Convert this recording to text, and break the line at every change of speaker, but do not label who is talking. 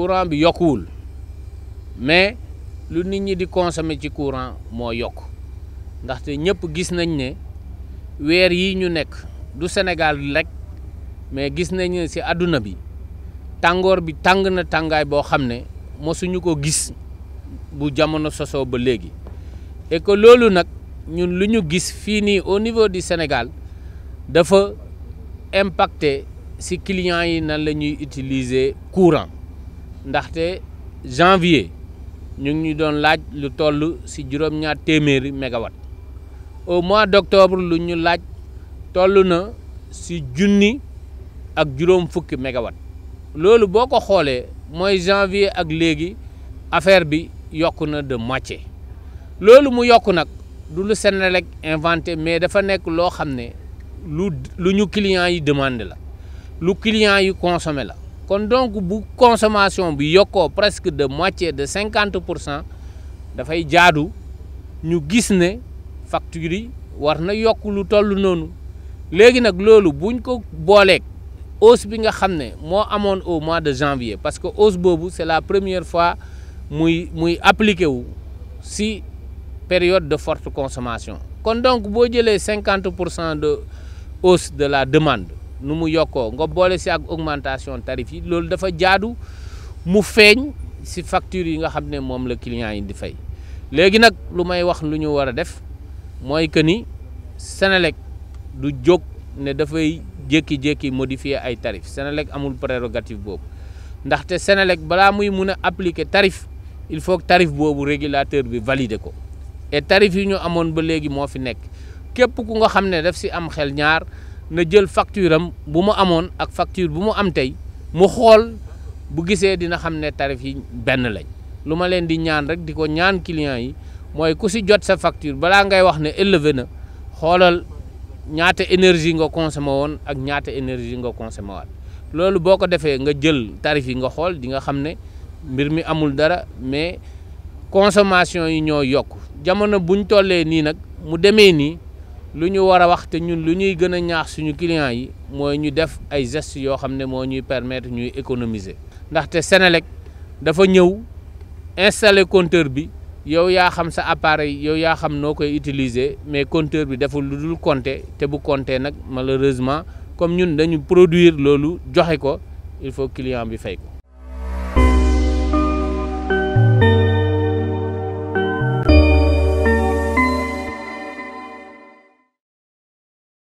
courant bi yokkuwul mais lu nit ñi di consommer ci courant moo yokk ndaxte ñëpp gis nañ ne weer yi ñu nekk du Sénégal rek mais gis nañ ne ci àdduna bi tàngoor bi tàng na tàngaay boo xam ne mosuñu ko gis bu jamono sosoo ba léegi et que loolu nag ñun lu ñu gis fii nii au niveau di Sénégal dafa impacté si clients yi nan la ñuy utiliser courant ndaxte janvier ñu ngi doon laaj lu toll si juróom-ñaar téeméeri mégawatt au mois d' octobre lu ñu laaj toll na si junni ak juróom fukki mégawatt loolu boo ko xoolee mooy janvier ak léegi affaire bi yokk na de moitié loolu mu yokk nag du lu Senelec inventé mais dafa nekk loo xam ne lu lu ñu clients yi demande la lu client yi consommé la kon donc bu consommation bi yoko presque de moitié de 50% da fay dafay jaadu ñu gis ne facture warna yok lu tollu nonu légui nak lolu buñ ko bolé hausse bi nga xamné mo amone au mois de janvier parce que hausse bobu c'est la première fois muy muy appliqué wu si période de forte consommation kon donc bo jëlee 50% de hausse de la demande nu mu yokkoo nga boole si ak augmentation tarif yi loolu dafa jaadu mu feeñ si facture yi nga xam ne moom la client yi di fay léegi nag lu may wax lu ñu war a def mooy que ni Senelec du jóg ne dafay jékki-jékki modifier ay tarif Senelec amul prérogative boobu ndaxte Senelec balaa muy mun a appliquer tarif il faut que tarif boobu régulateur bi valider ko et tarif yi ñu amoon ba léegi moo fi nekk képp ku nga xam ne daf si am xel ñaar na jël facture am bu mu amoon ak facture bu mu am tey mu xool bu gisee dina xam ne tarif yi benn lañ lu ma leen di ñaan rek di ko ñaan client yi mooy ku si jot sa facture balaa ngay wax ne élevé na xoolal ñaata énergie nga consommé woon ak ñaata énergie nga consommé loolu boo ko defee nga jël tarif yi nga xool di nga xam ne mbir mi amul dara mais consommation yi ñoo yokk jamono bu ñu tollee nii nag mu demee nii lu ñu wara wax te ñun lu ñuy gën ñaax suñu client yi moy ñu def ay gestes yo xam mo ñuy permettre ñuy économiser ndax ndaxte Senelec dafa ñëw installer compteur bi yow ya xam sa appareil yow ya xam nokoy utiliser mais compteur bi deful lu compter te bu compter nak malheureusement comme ñun dañu produire lolu joxé ko il faut client bi fay ko